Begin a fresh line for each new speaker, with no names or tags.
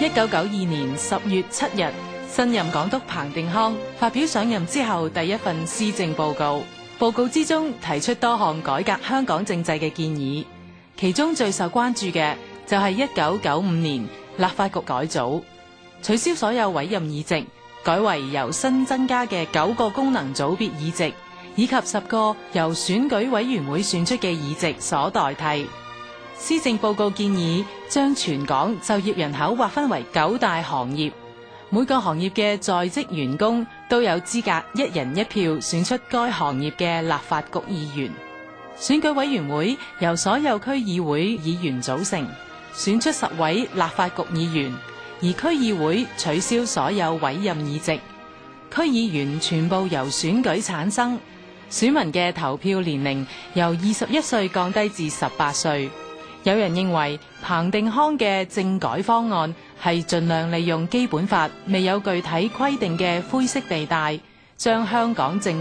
一九九二年十月七日，新任港督彭定康發表上任之後第一份施政報告，報告之中提出多項改革香港政制嘅建議，其中最受關注嘅就係一九九五年立法局改組，取消所有委任議席，改為由新增加嘅九個功能組別議席以及十個由選舉委員會選出嘅議席所代替。施政報告建議將全港就業人口劃分為九大行業，每個行業嘅在職員工都有資格一人一票選出該行業嘅立法局議員。選舉委員會由所有區議會議員組成，選出十位立法局議員，而區議會取消所有委任議席，區議員全部由選舉產生。選民嘅投票年齡由二十一歲降低至十八歲。有人認為彭定康嘅政改方案係盡量利用基本法未有具體規定嘅灰色
地帶，將香港政治。